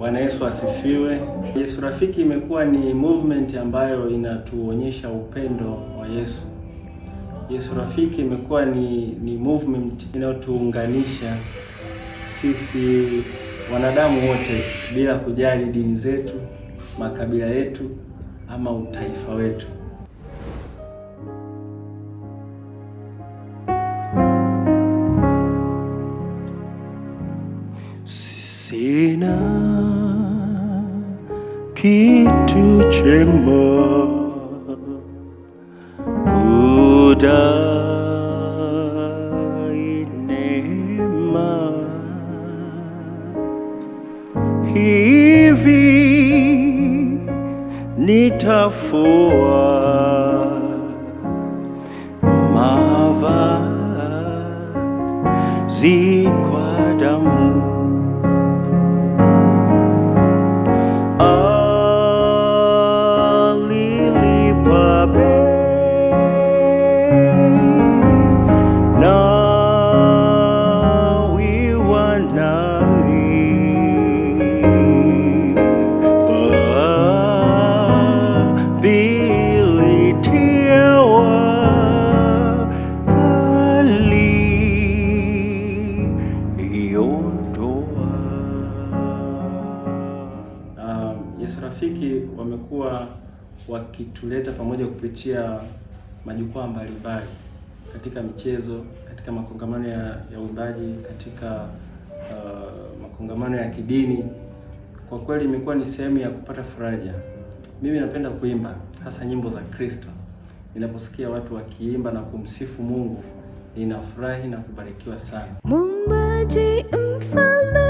Bwana Yesu asifiwe. Yesu Rafiki imekuwa ni movement ambayo inatuonyesha upendo wa Yesu. Yesu Rafiki imekuwa ni, ni movement inayotuunganisha sisi wanadamu wote bila kujali dini zetu, makabila yetu ama utaifa wetu. Sina kitu chemo, kudai neema hivi nitafua mavazi wakituleta pamoja kupitia majukwaa mbalimbali katika michezo, katika makongamano ya, ya uimbaji, katika uh, makongamano ya kidini. Kwa kweli imekuwa ni sehemu ya kupata faraja. Mimi napenda kuimba hasa nyimbo za Kristo. Ninaposikia watu wakiimba na kumsifu Mungu, ninafurahi na kubarikiwa sana. Mumbaji mfalme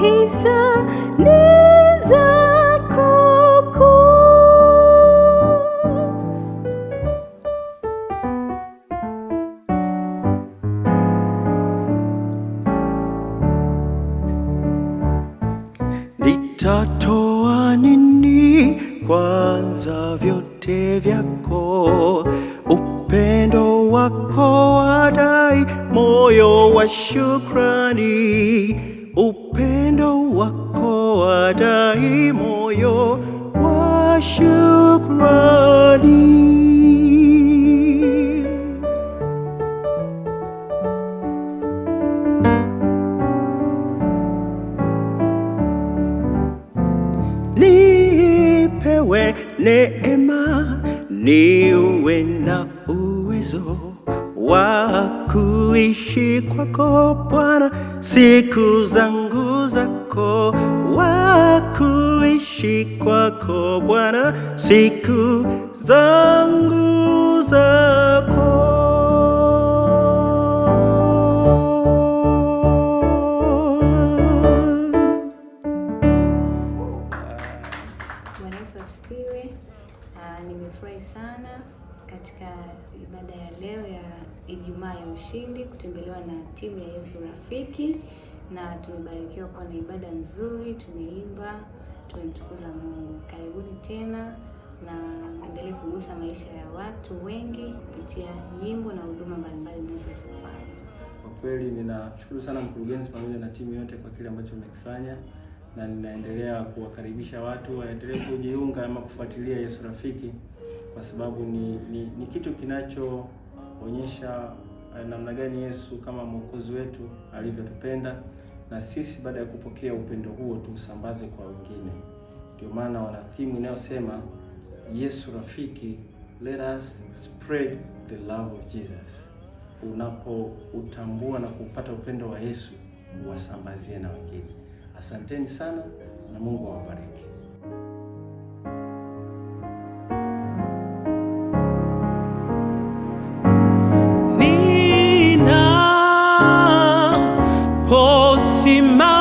hisa ni zako kuu. Nitatoa nini kwanza vyote vyako upendo wako wadai moyo wa shukrani upendo wako wa dai, moyo wa shukrani. Nipewe neema niwe na uwezo wa kuishi kwako Bwana, siku zangu zako, wa kuishi kwako Bwana, siku zangu zako kutembelewa na timu ya Yesu Rafiki na tumebarikiwa kuwa na ibada nzuri, tumeimba, tumemtukuza Mungu. Karibuni tena na endelee kugusa maisha ya watu wengi kupitia nyimbo na huduma mbalimbali mnazozifanya. Kwa kweli ninashukuru sana mkurugenzi pamoja na timu yote kwa kile ambacho mmekifanya na ninaendelea kuwakaribisha watu waendelee kujiunga ama kufuatilia Yesu Rafiki kwa sababu ni, ni, ni kitu kinachoonyesha Eh, namna gani Yesu kama mwokozi wetu alivyotupenda, na sisi baada ya kupokea upendo huo tuusambaze kwa wengine. Ndio maana wana theme inayosema Yesu rafiki, let us spread the love of Jesus. Unapoutambua na kupata upendo wa Yesu, wasambazie na wengine. Asanteni sana na Mungu awabariki. my.